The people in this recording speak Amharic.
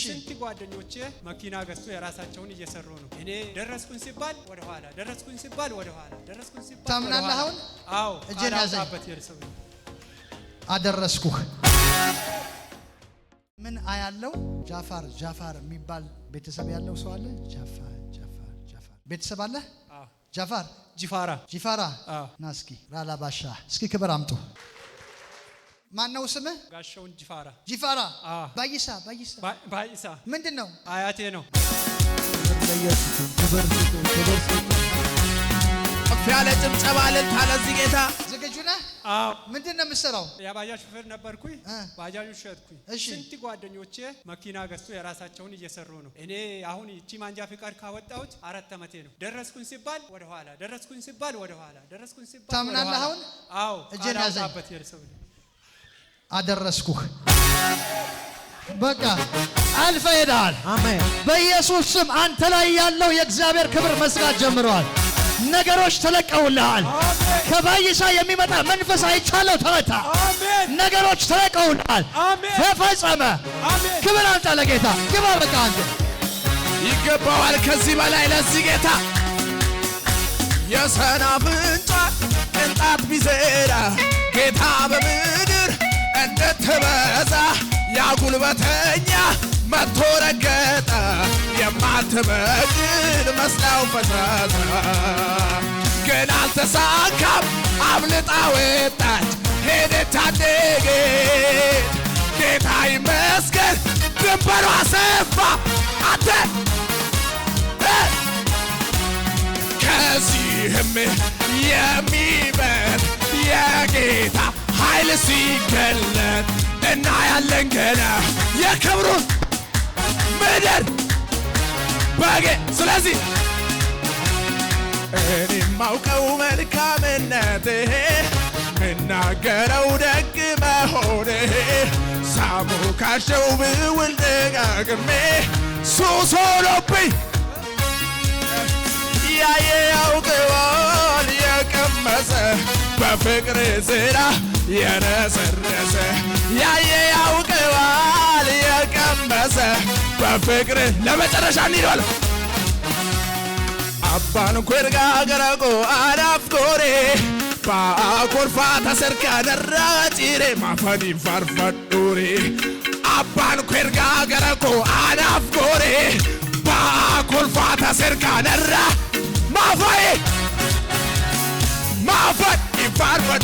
ስንት ጓደኞቼ መኪና ገዝቶ የራሳቸውን እየሰሩ ነው። እኔ ደረስኩኝ ሲባል ወደ ኋላ፣ ደረስኩኝ ሲባል ወደ ኋላ፣ ደረስኩኝ ሲባል ታምናለህ። አሁን አዎ፣ እጄን ያዘኝ፣ አደረስኩህ። ምን አያለው? ጃፋር ጃፋር የሚባል ቤተሰብ ያለው ሰው አለ። ጃፋር ጃፋር ጃፋር ቤተሰብ አለ። ጃፋር ጂፋራ ጂፋራ ናስኪ ራላባሻ እስኪ ክብር አምጡ። ማነው ስምህ? ጋሻውን ጅፋራ ጅፋራ ባይሳ ባይሳ ባይሳ ምንድን ነው? አያቴ ነው። ከፍ ያለ ጭብጨባ እልልታ ለዚህ ጌታ። ዝግጁ ነህ? ምንድን ነው የምትሰራው? የባጃጅ ሹፌር ነበርኩኝ። ባጃጁ ሸጥኩኝ። ስንት ጓደኞቼ መኪና ገዝቶ የራሳቸውን እየሰሩ ነው። እኔ አሁን ይቺ ማንጃ ፍቃድ ካወጣሁት አራት ዓመቴ ነው። ደረስኩኝ ሲባል ወደ ኋላ፣ ደረስኩኝ ሲባል ወደ ኋላ፣ ደረስኩኝ ሲባል ታምናለህ? አሁን አዎ። እጄን ያዘኝ አደረስኩህ። በቃ አልፈ ሄደሃል። በኢየሱስ ስም አንተ ላይ ያለው የእግዚአብሔር ክብር መስራት ጀምረዋል። ነገሮች ተለቀውልሃል። ከባይሳ የሚመጣ መንፈስ አይቻለው ተመታ። ነገሮች ተለቀውልሃል። ተፈጸመ። ክብር አምጣ ለጌታ። ግባ። በቃ አንተ ይገባዋል። ከዚህ በላይ ለዚህ ጌታ የሰናፍንጫ ቅንጣት ቢዘራ ጌታ የማትበዛ ያጉልበተኛ መቶ ረገጠ የማትበግን መስላው ፈዛዛ ግን አልተሳካም አምልጣ ወጣች ጌታ ይመስገን ድንበሯ ሰፋ ከዚህም ኃይል ሲገለጥ እና ያለን ገና የክብሩን ምድር በጌ ስለዚህ እኔ ማውቀው መልካምነትህ ምናገረው ደግ መሆንህ ሳሙ ካሸው ብውል ደጋግሜ ሱስ ሆኖብኝ ያየ ያውቀዋል የቀመሰ በፍቅር ዝራ የረሰረሰ ያየ ያውቀዋል የቀመሰ በፍቅር ለመጨረሻ እንሂደዋል አባን ኮርጋ ገረቆ አዳፍኮሬ ባኮርፋ ተሰርካ ደራጭሬ ማፈኒ ፋርፈዱሬ አባን ኮርጋ ገረቆ አዳፍኮሬ ባኮርፋ ተሰርካ ደራ I'm far for